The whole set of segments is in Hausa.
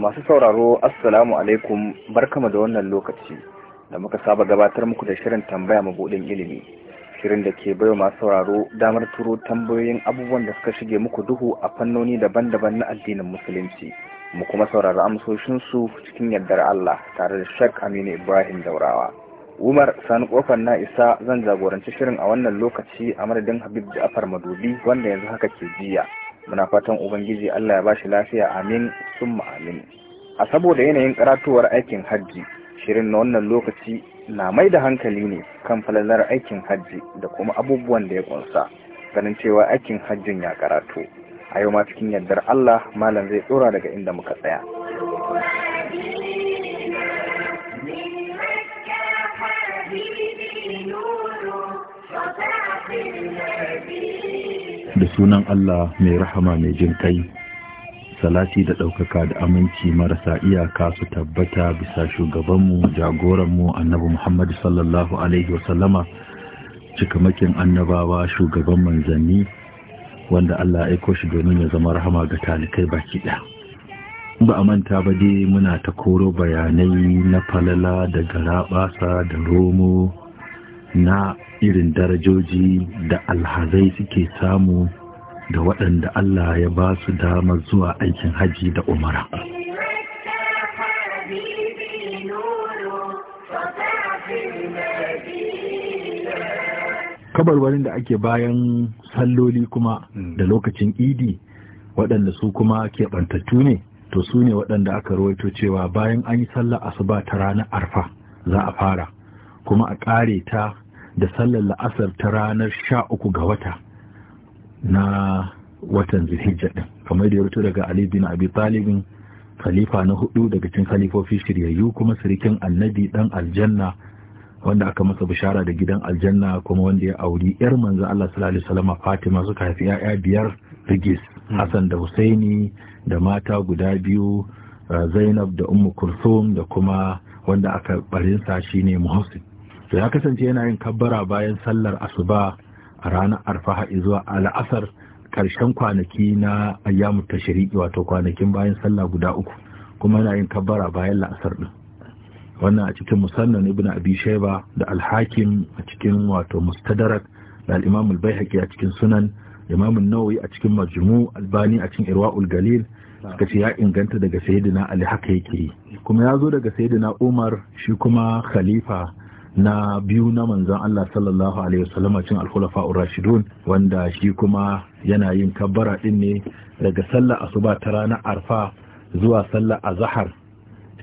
Masu sauraro Assalamu alaikum barkama da wannan lokaci da muka saba gabatar muku da shirin tambaya mabuɗin ilimi shirin da ke baiwa masu sauraro damar turo tambayoyin abubuwan da suka shige muku duhu a fannoni daban-daban na addinin musulunci mu kuma saurari amsoshinsu cikin yardar Allah tare da Sheikh Aminu Ibrahim Daurawa. Umar Sani Kofar na isa zan jagoranci shirin a wannan lokaci a madadin Habib Ja'far Madobi wanda yanzu haka ke jiya. Muna fatan Ubangiji Allah ya bashi lafiya amin summa amin. A saboda yanayin karatuwar aikin hajji, shirin na wannan lokaci na mai da hankali ne kan falalar aikin hajji da kuma abubuwan da ya kunsa, ganin cewa aikin hajjin ya karatu. A yau ma cikin yardar Allah, Malam zai tsora daga inda muka tsaya. sunan Allah mai rahama mai jin kai salati da ɗaukaka da aminci marasa iyaka su tabbata bisa shugabanmu jagoranmu annabi Muhammadu sallallahu alaihi wasallama cikamakin annabawa shugaban manzanni wanda Allah aiko shi domin ya zama rahama ga talikai baki ɗaya ba a manta ba dai muna ta koro bayanai na falala da garaɓasa da romo na irin darajoji da alhazai suke samu da waɗanda Allah ya ba su dama zuwa aikin haji da umara. kabarwarin da ake bayan salloli kuma da lokacin idi waɗanda su kuma keɓantattu ne to su ne waɗanda aka rawaito cewa bayan an yi sallar asuba ta ranar arfa za a fara kuma a ƙare ta da sallar la'asar ta ranar sha uku ga wata na watan zuhijja din kamar da ya rito daga ali bin abi talibin khalifa na hudu daga cikin khalifofi shiryayyu kuma sirikin annabi dan aljanna wanda aka masa bishara da gidan aljanna kuma wanda ya auri yar manzo Allah sallallahu alaihi wasallam Fatima suka haifi yaya biyar rigis hmm. Hassan da Husaini da mata guda biyu uh, Zainab da Ummu Kulthum da kuma wanda aka barinsa sa shine Muhammad to ya kasance yana yin kabbara bayan sallar asuba a ranar arfaha zuwa al'asar karshen kwanaki na ayyamu tashriqi wato kwanakin bayan sallah guda uku kuma yana yin kabbara bayan la'asar din wannan a cikin musannan ibn abi shaiba da alhakim a cikin wato mustadarak da al-imam al-baihaqi a cikin sunan imam an-nawawi a cikin majmu albani a cikin irwaul galil suka ce ya inganta daga sayyidina ali haka yake kuma ya zo daga sayyidina umar shi kuma khalifa na biyu na manzon Allah sallallahu alaihi wasallam cin al-khulafa rashidun wanda shi kuma yana yin kabbara din ne daga sallar asuba ta ranar arfa zuwa sallar azhar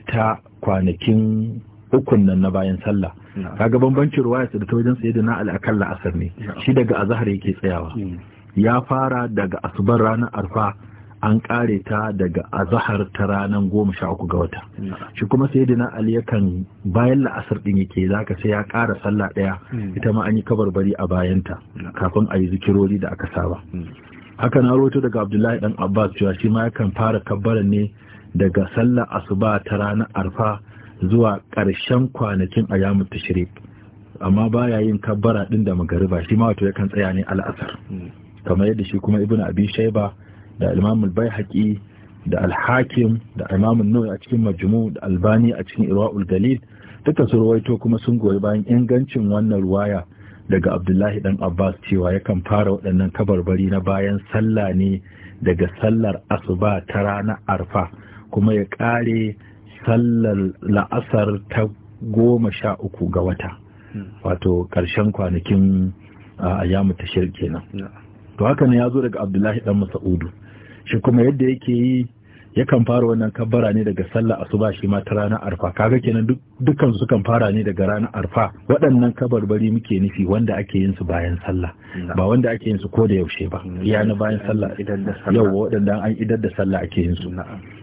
ta kwanakin ukun nan na bayan sallah kaga bambancin ruwaya da ta wajen da al-akalla asar ne shi daga azhar yake tsayawa hmm. ya fara daga asubar ranar arfa an kare ta daga azahar ta ranar goma sha uku ga wata shi kuma sai dina ali yakan bayan la'asar ɗin yake zaka sai ya kara sallah ɗaya. Hmm. ita ma an yi bari a bayanta hmm. kafin a yi zikirori da aka saba hmm. haka na roto daga abdullahi ɗan abbas cewa shi ma yakan fara kabbaran ne daga sallar asuba ta ranar arfa zuwa ƙarshen kwanakin a tashrik amma baya yin kabbara ɗin da magariba shi ma wato yakan tsaya ne al'asar kamar yadda shi kuma Ibn abi shaiba da imam al-baihaqi da alhakim da imam an a cikin majmu da albani a cikin irwaul galil duka su ruwaito kuma sun goyi bayan ingancin wannan ruwaya daga abdullahi dan abbas cewa yakan fara waɗannan kabarbari na bayan sallah ne daga sallar asuba ta rana arfa kuma ya ƙare sallar la'asar ta goma sha uku ga wata wato karshen kwanakin a yamu ta kenan to haka ne ya zo daga abdullahi dan masa'udu shi kuma yadda yake yi yakan fara wannan kabbara ne daga sallah asuba shi ma ta ranar arfa kaga kenan dukkan su kan fara ne daga ranar arfa waɗannan kabarbari muke nufi wanda ake yin su bayan sallah ba wanda ake yin su ko da yaushe ba ya na bayan sallah idan da sallah yau waɗanda an idar da sallah ake yin su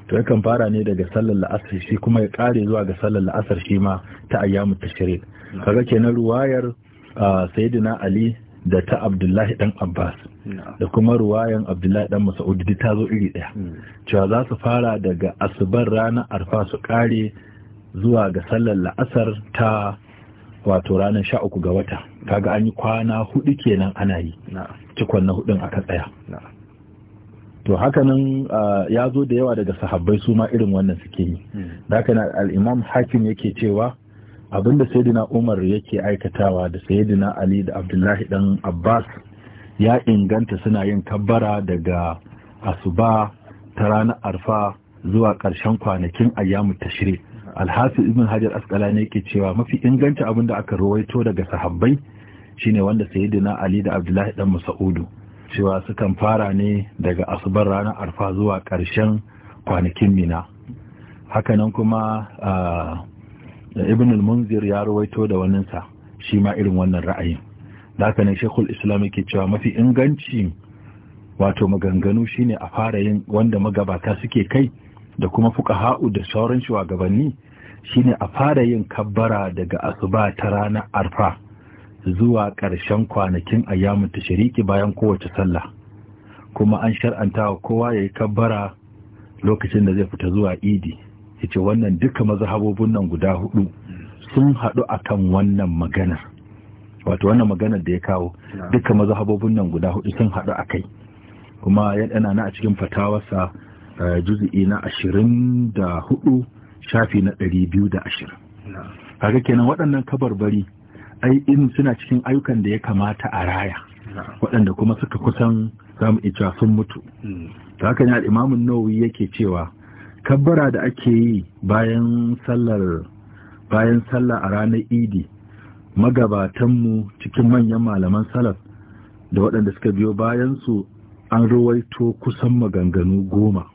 to yakan fara ne daga sallar la'asar shi kuma ya kare zuwa ga sallar la'asar shi ma ta ayyamu tashrin kaga kenan ruwayar ah, sayyidina ali da ta abdullahi dan abbas da kuma ruwayan abdullahi dan mas'ud duk ta zo iri daya hmm. cewa za su fara daga asubar ranar arfa su kare zuwa ga sallar la'asar ta wato ranar sha uku ga wata kaga an yi kwana hudu kenan ana yi cikon na hudun aka tsaya to hakanan ya zo da yawa daga sahabbai su ma irin wannan suke yi hmm. da al-imam hakim yake cewa Abin da sayyidina umar yake aikatawa da sayyidina ali da abdullahi dan abbas ya inganta suna yin kabbara daga asuba ta ranar arfa zuwa ƙarshen kwanakin ayyamu tashri Alhasi ibn hajar asqalani yake cewa mafi inganta abin da aka rawaito daga sahabbai shine wanda sayyidina ali da abdullahi dan mas'udu cewa sukan fara ne daga asubar ranar arfa zuwa ƙarshen kwanakin mina hakanan kuma ah, da ibn al-munzir ya rawaito da waninsa shi ma irin wannan ra'ayin da haka ne shekul islam yake cewa mafi inganci wato maganganu shine a fara yin wanda magabata suke kai da kuma fuqaha'u da sauran shugabanni shine a fara yin kabbara daga asuba ta ranar arfa zuwa ƙarshen kwanakin ayyamun shiriki bayan kowace sallah kuma an shar'anta wa kowa ya yi kabbara lokacin da zai fita zuwa idi yace wannan duka mazhabobin nan guda hudu sun haɗu akan wannan maganar wato wannan maganar da ya kawo duka mazhabobin nan guda hudu sun haɗu a kai. kuma ya dana na a cikin fatawarsa eh, juz'i na ashirin da hudu shafi na ɗari biyu da ashirin kaga kenan waɗannan kabarbari ai in suna cikin ayyukan da ya kamata a raya waɗanda kuma suka kusan zamu iya sun mutu ta hmm. haka ne al'imamun nawawi yake cewa kabbara da ake yi bayan sallar bayan sallah a ranar idi magabatanmu cikin manyan malaman salaf da waɗanda suka biyo bayan su an ruwaito kusan maganganu goma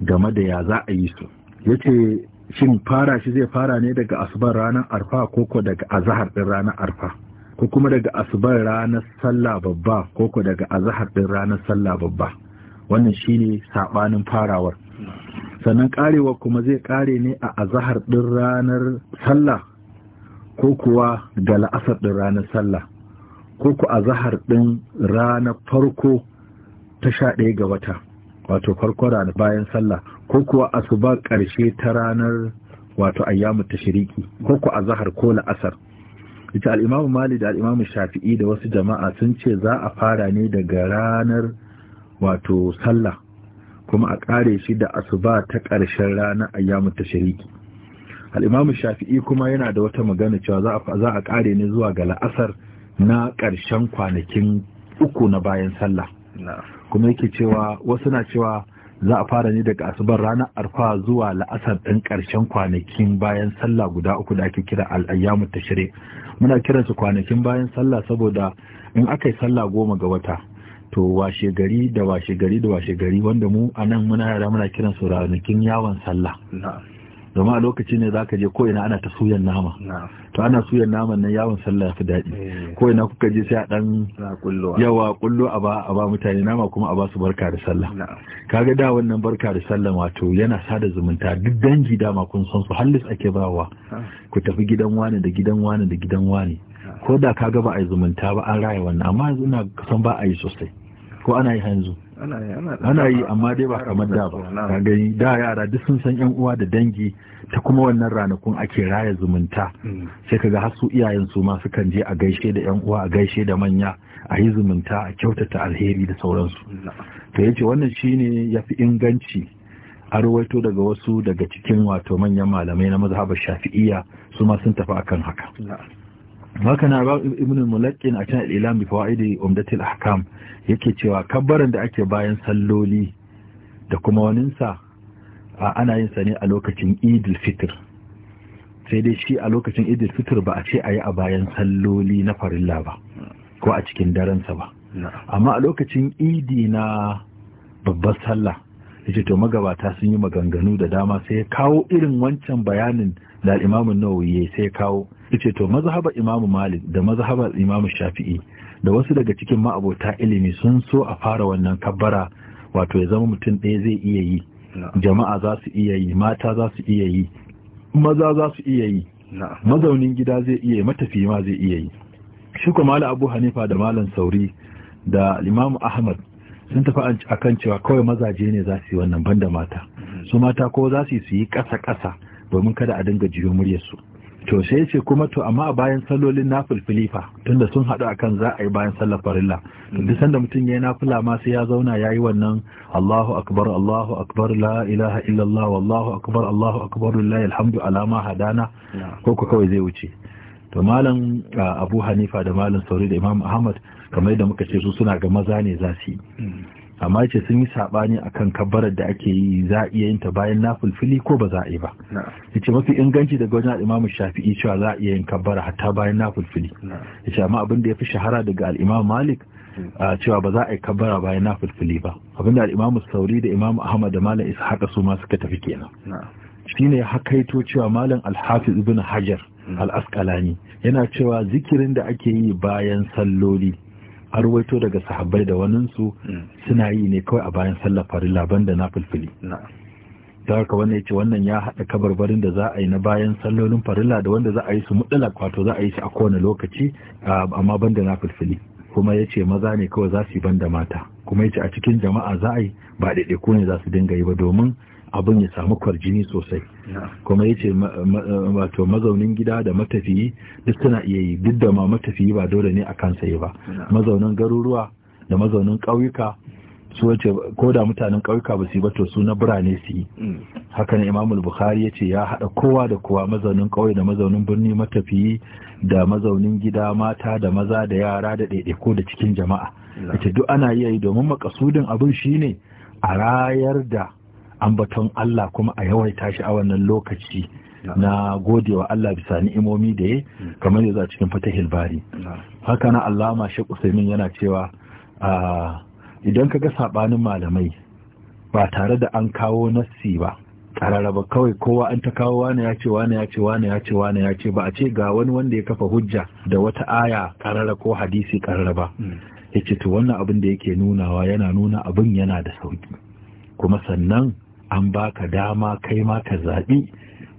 game da ya za a yi su ya ce shin fara shi zai fara ne daga asubar ranar arfa koko daga azahar ɗin ranar arfa ko kuma daga asubar ranar sallah babba koko daga azahar ɗin ranar sallah babba wannan shine saɓanin farawar sannan karewa kuma zai kare ne a azahar ɗin ranar sallah ko kuwa ga la'asar ɗin ranar sallah ko ku azahar ɗin ranar farko ta sha ɗaya ga wata wato farko ranar bayan sallah ko kuwa asuba ƙarshe ta ranar wato ayyamu shiriki ko ku azahar ko la'asar ita al'imamu mali da al'imamu shafi'i da wasu jama'a sun ce za a fara ne daga ranar wato sallah kuma a ƙare shi da asuba ta ƙarshen rana ayyamu ta al al'imamu shafi'i kuma yana da wata magana cewa za a ƙare ne zuwa ga la'asar na ƙarshen kwanakin uku na bayan sallah kuma yake cewa wasu na cewa za a fara ne daga asubar ranar arfa zuwa la'asar ɗin ƙarshen kwanakin bayan sallah guda uku da ake kira al'ayyamu tashire muna kiransu kwanakin bayan sallah saboda in aka yi sallah goma ga wata to washe gari da washe gari da washe gari wanda mu a nan muna yara muna kiran su ranakin yawon sallah domin a lokaci ne zaka je ko ina ana ta suyan nama to ana suyan nama na yawon sallah ya fi daɗi eh. ko ina kuka je sai a ɗan yawa kullo a ba mutane nama kuma a ba su barka da sallah kaga da wannan barka da sallah wato yana sada zumunta duk dangi dama kun san su hallis ake bawa ku tafi gidan wani da gidan wani da gidan wani ko da kaga ba a yi zumunta ba an raya wannan amma yanzu ina san ba a yi sosai ko ana yi hanzu ana yi amma dai ba kamar da ba ka gani da yara duk sun san yan uwa da dangi ta kuma wannan ranakun ake raya zumunta mm. sai kaga har su iyayen su ma sukan je a gaishe da yan uwa a gaishe da manya a yi zumunta a kyautata alheri da sauransu to yace wannan shine fi inganci a ruwaito daga wasu daga cikin wato manyan malamai na mazhabar shafi'iyya su ma sun tafi akan haka ba ibn mulakin a cikin ilam bi fawaidi umdatil ahkam yake cewa kabbaran da ake bayan salloli da kuma waninsa ana yin sa ne a lokacin idil fitr sai dai shi a lokacin idil fitr ba a ce ayi a bayan salloli na farilla ba ko a cikin darensa ba amma a lokacin idi na babbar sallah yace to magabata sun yi maganganu da dama sai ya kawo irin wancan bayanin da imamun nawawi sai ya kawo yace to mazhaba imamu malik da mazhaba imamu shafi'i da wasu daga cikin ma'abota ilimi sun so a fara wannan kabbara wato ya zama mutum ɗaya zai iya yi jama'a za su iya yi mata za su iya yi maza za su iya yi mazaunin gida zai iya yi matafi ma zai iya yi shi kuma malam abu hanifa da malam sauri da imamu ahmad sun tafi a kan cewa kawai mazaje ne za su yi wannan banda mata mm-hmm. su mata ko za su yi ƙasa-ƙasa domin kada a dinga jiyo muryarsu to sai ce kuma to amma a bayan sallolin na filfilifa tunda sun haɗu a kan za a yi bayan sallar farilla duk mm-hmm. sanda mutum ya yi nafila ma sai ya zauna ya yi wannan Allahu akbar Allahu akbar la ilaha illallah wallahu akbar Allahu akbar lillahi alhamdu alama hadana ko ku kawai zai wuce to malam uh, Abu Hanifa da malam Sauri da Imam Ahmad kamar da muka ce su suna ga maza ne za su yi hmm. amma ce sun yi saɓani kan kabbarar da ake yi za a iya yin ta bayan na fulfili ko ba za a yi ba yace mafi inganci daga wajen al'imamu shafi'i cewa za a iya yin kabbara hatta bayan na fulfili yace amma abin da ya fi shahara daga al'imamu malik hmm. cewa ba za a yi kabbara bayan na fulfili ba Abinda da al'imamu sauri da imamu ahmad da malam ishaqa su ma suka tafi kenan shine ya hakaito cewa malam alhafiz ibn hajar hmm. al-asqalani yana cewa zikirin da ake yi bayan salloli a ruwaito daga sahabbai da waninsu hmm. suna yi ne kawai a bayan sallah sallar laban da na fulfili ta haka wannan ya ce wannan ya haɗa kabarbarin da za a yi na bayan sallolin farilla da wanda za a yi su mutala wato za a yi su a kowane lokaci amma banda na fulfili kuma ya ce maza ne kawai za su yi banda mata kuma ya ce a cikin jama'a za a yi ba ɗaiɗaiku ne za su dinga yi ba domin abin ya samu kwarjini sosai kuma ya ce wato mazaunin gida da matafiyi duk suna iya yi duk da ma matafiyi ba dole ne a kansa yi ba mazaunin garuruwa da mazaunin ƙauyuka su wace ko da mutanen ƙauyuka ba su yi ba to su na birane su yi mm. haka imamul bukhari ya ce ya haɗa kowa da kowa mazaunin ƙauye da mazaunin birni matafiyi da mazaunin gida mata da maza da yara da ko da cikin jama'a ita duk ana iya yi domin makasudin abin shine a rayar da ambaton Allah kuma a yawaita shi a wannan lokaci na gode wa Allah bisa ni'imomi da ya mm. kamar yanzu a cikin fatahil bari haka na allama shi usaimin yana cewa ah, idan ka ga saɓanin malamai ba tare da an kawo nassi ba ƙararraba kawai kowa an ta kawo wani ya ce wani ya ce wani ya ce wani ya ce ba a ce ga wani wanda ya kafa hujja da wata aya karara ko hadisi karara ba mm. ya ce to wannan abin da yake nunawa yana nuna abin yana da sauki kuma sannan an baka dama kai ma ka zaɓi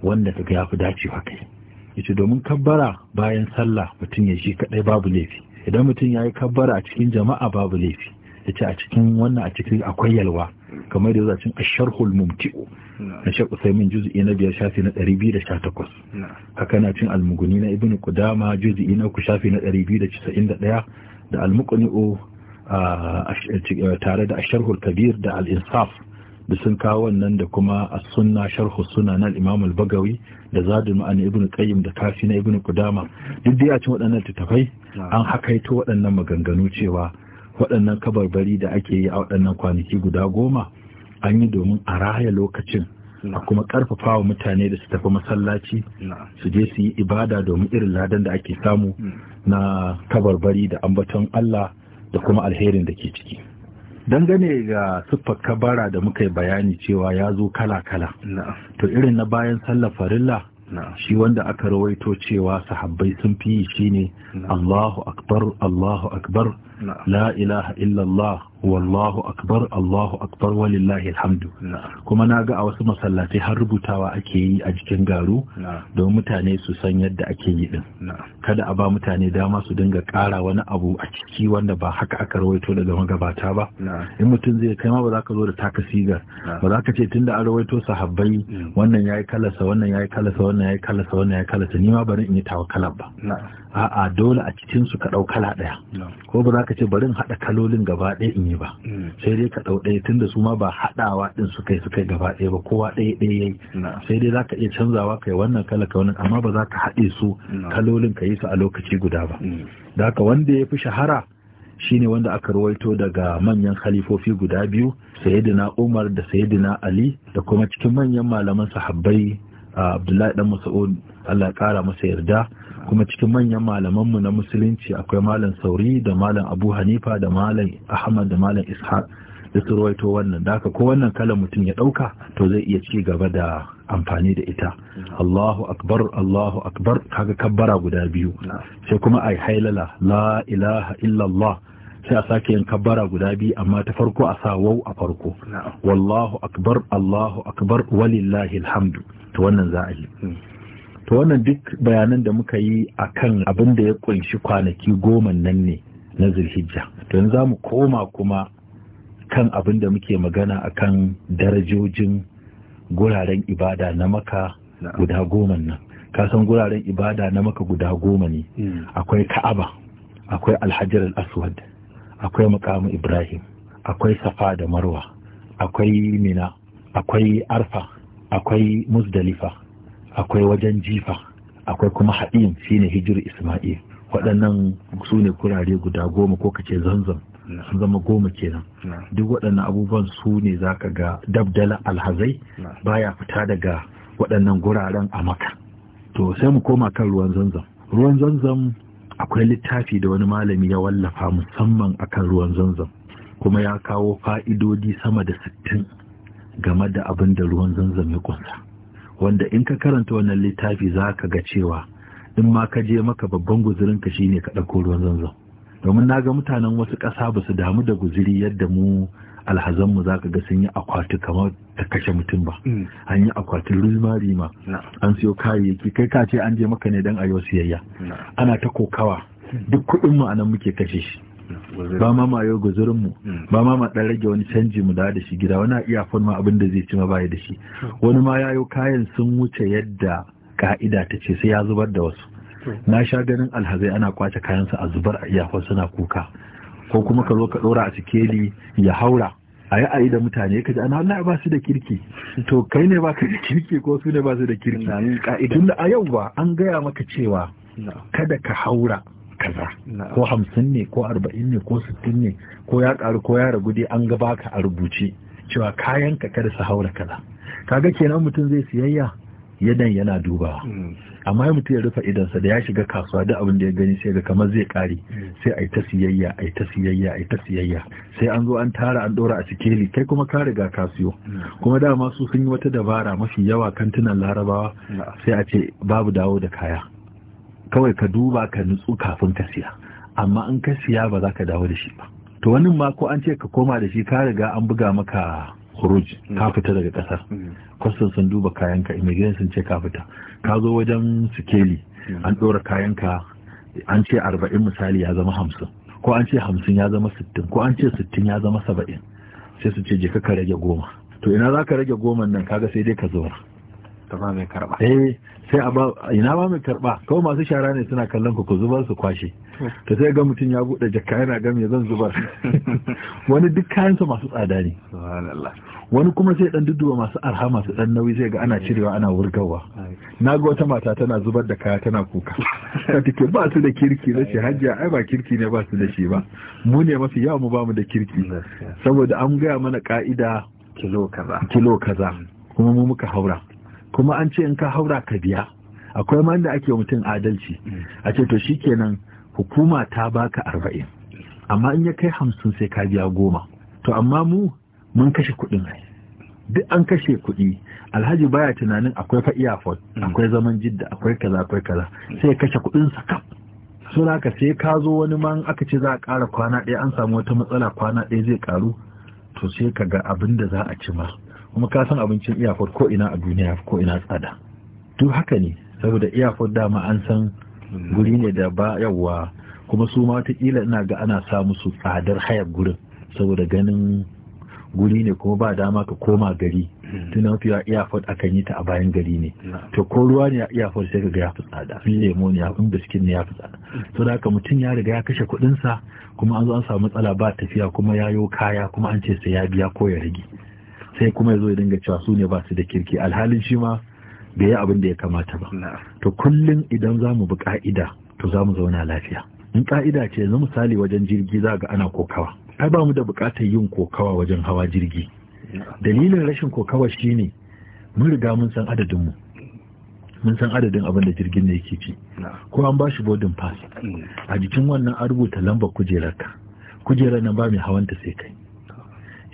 wanda ka ga yafi dacewa kai yace domin kabbara bayan sallah mutum ya shi kadai babu laifi idan mutum ya yi kabbara a cikin jama'a babu laifi yace a cikin wannan a cikin akwai yalwa kamar da zuwa cin asharhul mumti'u na shek usaimin juz'i na biyar shafi na ɗari biyu da sha takwas haka na cin almuguni na ibnu kudama juz'i na uku shafi na ɗari biyu da casa'in da ɗaya da almuqni'u ah, tare da sharhul kabir da al-insaf da sun kawo wannan da kuma a sunna sharhu suna na imam al-bagawi da zadun ma'ani ibn qayyim da kafi na ibn qudama duk dai a cikin waɗannan tattafai an hakaito waɗannan maganganu cewa waɗannan kabarbari da ake yi a waɗannan kwanaki guda goma an yi domin a raya lokacin a kuma karfafa wa mutane da su tafi masallaci su je su yi ibada domin irin ladan da ake samu hmm. na kabarbari da ambaton Allah da kuma alherin da ke ciki. dangane ga siffar kabara da muka yi bayani cewa ya zo kala-kala to irin na bayan sallar farilla shi wanda aka rawaito cewa sahabbai sun fi shi ne, Allahu akbar Allahu akbar la ilaha illallah wallahu akbar allahu akbar walillahi alhamdu kuma na ga a wasu masallatai har rubutawa ake yi a jikin garu don mutane su san yadda ake yi din kada a ba mutane dama su dinga kara wani abu a ciki wanda ba haka aka rawaito daga magabata ba in mutum zai kai ma ba za ka zo da taka sigar ba za ka ce tunda an rawaito sahabbai wannan yayi kalasa wannan yayi kalasa wannan yayi kalasa wannan yayi kalasa ni ma bari in yi tawa ba a'a dole a cikin su ka kala daya ko ba za ka ka ce bari in haɗa kalolin gaba ɗaya in yi ba mm. sai dai ka ɗau ɗaya da su ma ba haɗawa ɗin su kai su yi gaba ɗaya ba kowa ɗaya ɗaya yayi sai dai za ka iya canzawa kai wannan kala ka wannan amma ba za ka haɗe su kalolin ka yi su a lokaci guda ba mm. da haka wanda ya fi shahara shine wanda aka rawaito daga manyan khalifofi guda biyu sayyidina Umar da sayyidina Ali da kuma cikin manyan malaman sahabbai ah, Abdullahi dan Mas'ud Allah ya kara masa yarda kuma cikin manyan malamanmu na musulunci akwai malam sauri da malam abu hanifa da malam ahmad da malam ishaq da su rawaito wannan da haka ko wannan kalan mutum ya ɗauka to zai iya ci gaba da amfani da ita Allahu akbar Allahu akbar kaga kabbara guda biyu sai kuma ai hailala la ilaha illallah sai a sake yin kabbara guda biyu amma ta farko a sa wau a farko wallahu akbar Allahu akbar walillahi alhamdu to wannan za a yi hmm. to wannan duk bayanan da muka yi a kan abin da ya kunshi kwanaki goma nan ne na zulhijja to yanzu za mu koma kuma kan abin da muke magana a kan darajojin guraren ibada na maka guda goma nan kasan guraren ibada na maka guda goma ne hmm. akwai ka'aba akwai alhajar al-aswad akwai makamu ibrahim akwai safa da marwa akwai mina akwai arfa akwai musdalifa akwai wajen jifa akwai kuma haɗin shine hijir isma'il waɗannan su ne kurare guda goma ko kace zanzan sun zama goma kenan duk waɗannan abubuwan su ne za ka ga dabdala alhazai baya fita daga waɗannan guraren a maka to sai mu koma kan ruwan zanzam ruwan zanzam akwai littafi da wani malami ya wallafa musamman akan ruwan zanzam kuma ya kawo fa'idodi sama da sittin game da abin da ruwan zanzam ya kunsa wanda in ka karanta wannan littafi za ka ga cewa in ma ka je maka babban guzurin ka shine ka ɗauko ruwan zanzo domin na ga mutanen wasu ƙasa ba su damu da guziri yadda mu alhazanmu za ka ga sun yi akwati kamar ta kashe mutum ba mm. an yi akwatin rima rima an siyo kayayyaki kai ka ce an je maka ne dan a yi siyayya ana ta kokawa mm. duk kuɗin mu anan muke kashe shi ba ma ma yau guzurin hmm. ba ma ma dan rage wani canji mu da shi gida wani iya ma abin zai ci ma baya da shi wani ma yayo kayan sun wuce yadda ka'ida ta ce sai ya zubar da wasu hmm. na sha ganin alhazai ana kwace kayan kayansa a zubar a iyakon suna kuka ko kuma ka zo ka dora a sikeli ya haura a yi ayi da mutane ka ji ana na ba su da kirki to kai ne ba ka da kirki ko su ne ba su da kirki tunda a yau ba an gaya maka cewa kada ka haura kaza ko hamsin ne ko arba'in ne ko sittin ne ko ya karu ko ya ragu dai an gaba ka a rubuce cewa kayan ka kada su haura kaza kaga kenan mutum zai siyayya yadan yana dubawa hmm. amma mutum ya rufe idansa da ya shiga kasuwa duk abin da ya gani sai ga kamar zai kare hmm. sai ai ta siyayya ai ta siyayya ai ta siyayya sai an zo an tara an dora a sikeli kai kuma ka riga kasuwa hmm. kuma dama su sun yi wata dabara mafi yawa kantunan larabawa sai a ce babu dawo da kaya kawai ka duba ka nutsu kafin ka siya amma in ka siya ba za ka dawo da shi ba to wani ma ko an ce ka koma da shi ka riga an buga maka huruj ka mm. fita daga kasar mm. kwastan sun duba kayanka immigration sun ce ka fita ka zo wajen sikeli mm. an ɗora kayanka an ce arba'in misali ya zama hamsin ko an ce hamsin ya zama sittin ko an ce sittin ya zama saba'in sai su ce je ka rage goma to ina za ka rage goma nan kaga sai dai ka zo ka ba mai karba eh sai a ba ina ba mai karba kawai masu shara ne suna kallon ku ku zubar su kwashe to sai ga mutum ya bude jakka yana ga me zan zubar wani duk kayan su masu tsada ne subhanallah wani kuma sai dan duduwa masu arha masu dan nauyi sai ga ana eh. cirewa ana wurgawa naga wata mata tana zubar da kaya tana kuka ta take ba su da kirki na shi. hajjia ai ba kirki ne ba su da shi ba mu ne mafi yawa mu ba mu da kirki saboda an gaya mana ka'ida kilo kaza kilo kaza mm. kuma mu muka haura kuma an ce in ka haura ka biya akwai ma da ake mutum adalci mm. a ce to shikenan hukuma ta baka arba'in amma in ya kai hamsin sai ka biya goma to amma mu mun kashe kuɗin duk an kashe kuɗi alhaji baya tunanin akwai fa iyafon mm. akwai zaman jidda akwai kaza akwai kaza sai ya kashe kuɗin sa kaf so haka sai ka zo wani man aka ce za a ƙara kwana ɗaya an samu wata matsala kwana ɗaya zai ƙaru to sai ka ga abin da za a ci ma kuma ka san abincin iyafod ko ina a duniya ko ina tsada duk haka ne saboda iyafod dama an san guri ne da ba yawa kuma su ma watakila ina ga ana sa musu tsadar hayar gurin saboda ganin guri ne kuma ba dama ka koma gari tun mafiya iyafod akan yi ta a bayan gari ne to ko ruwa ne a iyafod sai ga ya fi tsada fi lemo ne in biskin ne ya fi tsada to da haka mutum ya riga ya kashe kuɗinsa kuma an zo an samu matsala ba tafiya kuma ya yo kaya kuma an ce sai ya biya ko ya rage sai kuma ya zo ya dinga cewa su ne ba su da kirki alhalin shi ma bai yi abin da ya kamata ba to kullum idan za mu bi ka'ida to za mu zauna lafiya in ka'ida ce yanzu misali wajen jirgi za ga ana kokawa ai ba mu da buƙatar yin kokawa wajen hawa jirgi dalilin rashin kokawa shine mun riga mun san adadin mu mun san adadin abin da jirgin ne yake ci ko an ba shi boarding pass mm. a jikin wannan an rubuta lambar kujerarka kujerar nan ba mai hawanta sai kai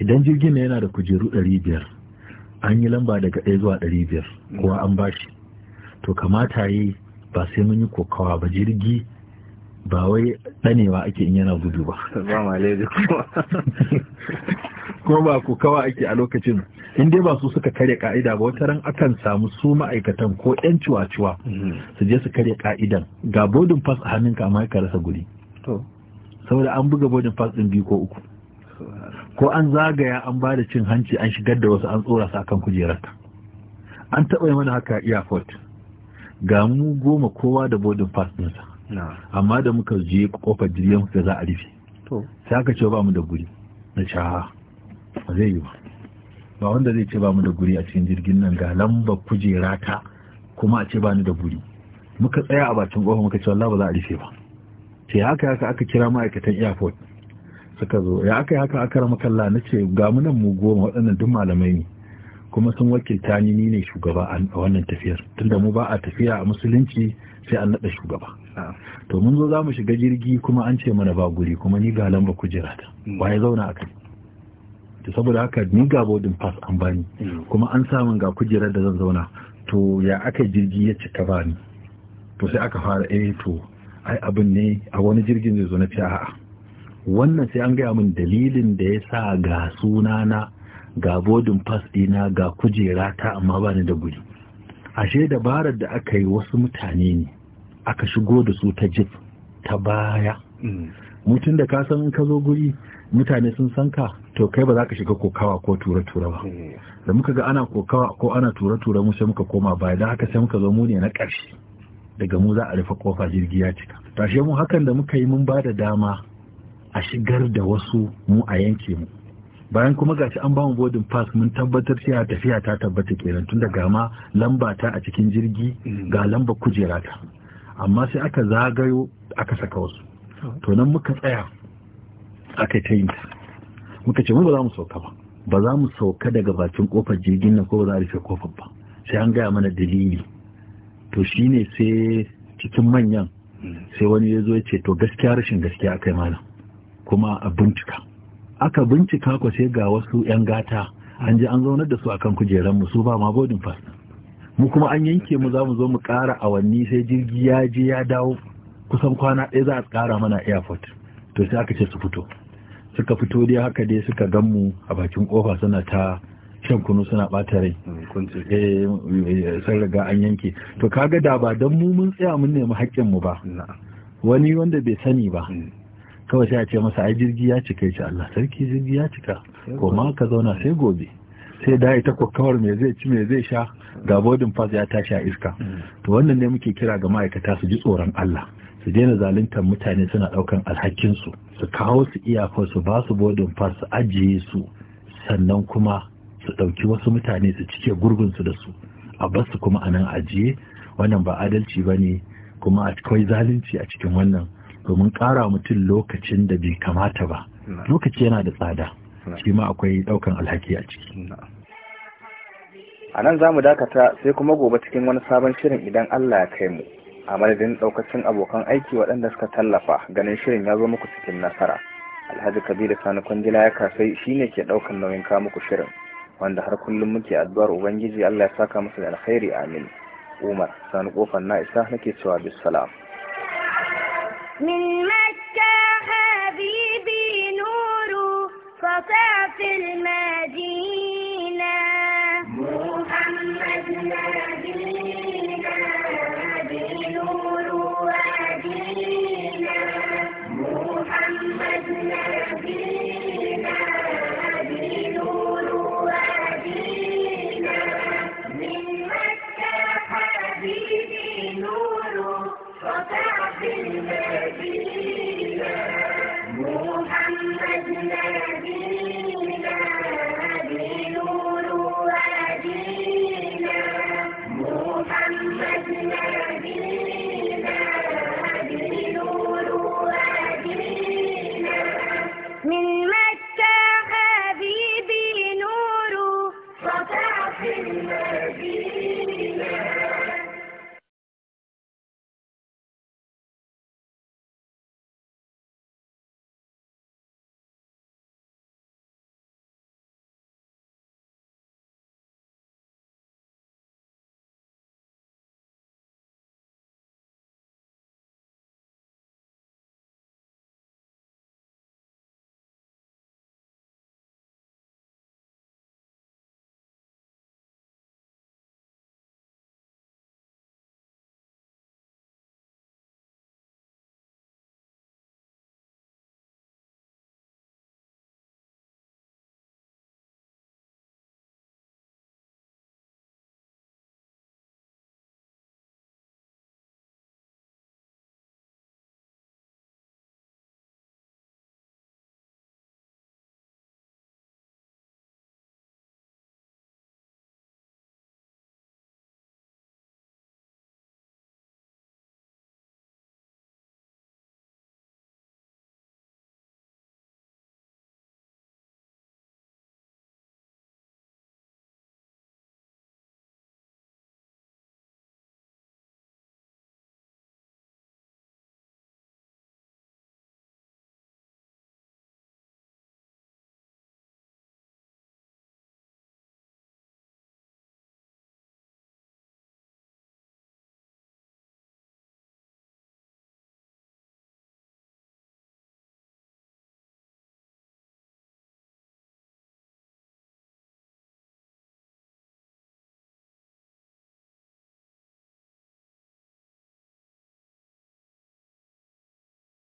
idan jirgin na yana da kujeru 500 an yi lamba daga 1 zuwa 500 kowa an bashi to kamata yi ba sai mun yi kokawa ba jirgi ba wai danewa ake in yana gudu ba kuma ba kokawa ake a lokacin in dai ba su suka kare ka'ida ba wata ran akan samu su ma'aikatan ko 'yan ciwa-ciwa mm-hmm. su je su kare ka'idan ga bodin fas a hannunka amma ka rasa guri saboda an buga bodin fas din biyu ko uku ko an zagaya an ba da cin hanci an shigar da wasu an tsora su akan kujerarka an taɓa yi mana haka airport ga mu goma kowa da boarding pass ɗinsa amma da muka je kofar jirgin da za a rufe sai aka ce ba mu da guri na shaha ba zai yi ba ba wanda zai ce ba mu da guri a cikin jirgin nan ga lamba kujera ta kuma a ce ba ni da guri muka tsaya a bakin kofar muka ce wallahi ba za a rufe ba sai haka haka aka kira ma'aikatan airport suka zo ya aka yi haka aka rama na ce ga munan mu goma waɗannan duk malamai ne kuma sun wakilta ni ni ne shugaba a wannan tafiyar tunda mu ba a tafiya a musulunci sai an naɗa shugaba to mun zo za mu shiga jirgi kuma an ce mana ba guri kuma ni ga lamba kujera ta waye zauna a kai to saboda haka ni ga boarding pass an bani mm. kuma an samun ga kujerar da zan zauna to ya aka jirgi ya cika bani to sai aka fara eh to ai abin ne a wani jirgin zai zo na fiya a'a wannan sai an gaya min dalilin da ya sa ga suna na ga bodin fas dina ga kujera ta amma ba ni da guri ashe dabarar da aka yi wasu mutane ne aka shigo da su ta jif ta baya mm. mutum da ka san ka zo guri mutane sun san ka to kai ba za ka shiga kokawa ko tura-tura ba mm. da muka ga ana kokawa ko ana tura-tura mu sai muka koma baya da haka sai muka zo mu ne na ƙarshe daga mu za a rufe kofa jirgi ya cika tashe mu hakan da muka yi mun ba da dama a shigar da wasu mu a yanke mu bayan kuma ga shi an bamu boarding pass mun tabbatar cewa tafiya ta tabbata kenan tun ga ma lamba ta a cikin jirgi mm. ga lamba kujera ta amma sai aka zagayo aka saka wasu to nan muka tsaya aka ta yin ta muka ce mu ba za mu sauka ba ba za mu sauka daga bakin kofar jirgin nan ko ba za a rufe kofar ba sai an gaya mana dalili to shine sai cikin manyan mm. sai wani ya zo ya ce to gaskiya rashin gaskiya akai malam kuma a bincika aka bincika ku sai ga wasu 'yan gata an ji an zaunar da su akan kujeran mu su ba ma boarding mu kuma an yanke mu za mu zo mu kara awanni sai jirgi ya je ya dawo kusan kwana ɗaya za a kara mana airport to sai aka ce su fito suka fito dai haka dai suka gan mu a bakin kofa suna ta shan kunu suna ɓata rai eh, eh, sun riga an yanke to kaga da ba don mu mun tsaya mun nemi haƙƙin mu ba wani wanda bai sani ba mm. kawai sai a ce masa ai jirgi ya cika ya ce Allah sarki jirgi ya cika ko ma ka zauna sai gobe sai da ita kokawar me zai ci me zai sha ga bodin fas ya tashi a iska hmm. to wannan ne muke kira ga ma'aikata su ji tsoron Allah su daina zaluntar mutane suna daukan alhakin su su kawo su iyakar su ba su fas fas su ajiye su sannan kuma su dauki wasu mutane su cike gurgun su da su a basu kuma anan ajiye wannan ba adalci bane kuma akwai zalunci a cikin wannan domin ƙara mutum lokacin da bai kamata ba lokaci yana da tsada shi ma akwai ɗaukan alhaki a ciki a nan za mu dakata sai kuma gobe cikin wani sabon shirin idan allah ya kai mu a madadin ɗaukacin abokan aiki waɗanda suka tallafa ganin shirin ya zo muku cikin nasara alhaji kabiru sani kwangila ya kasai ne ke ɗaukan nauyin kawo muku shirin wanda har kullum muke addu'ar ubangiji allah ya saka masa da alkhairi amin umar sani kofar na isa nake cewa bisalam من مكة حبيبي نور فطع في المدينة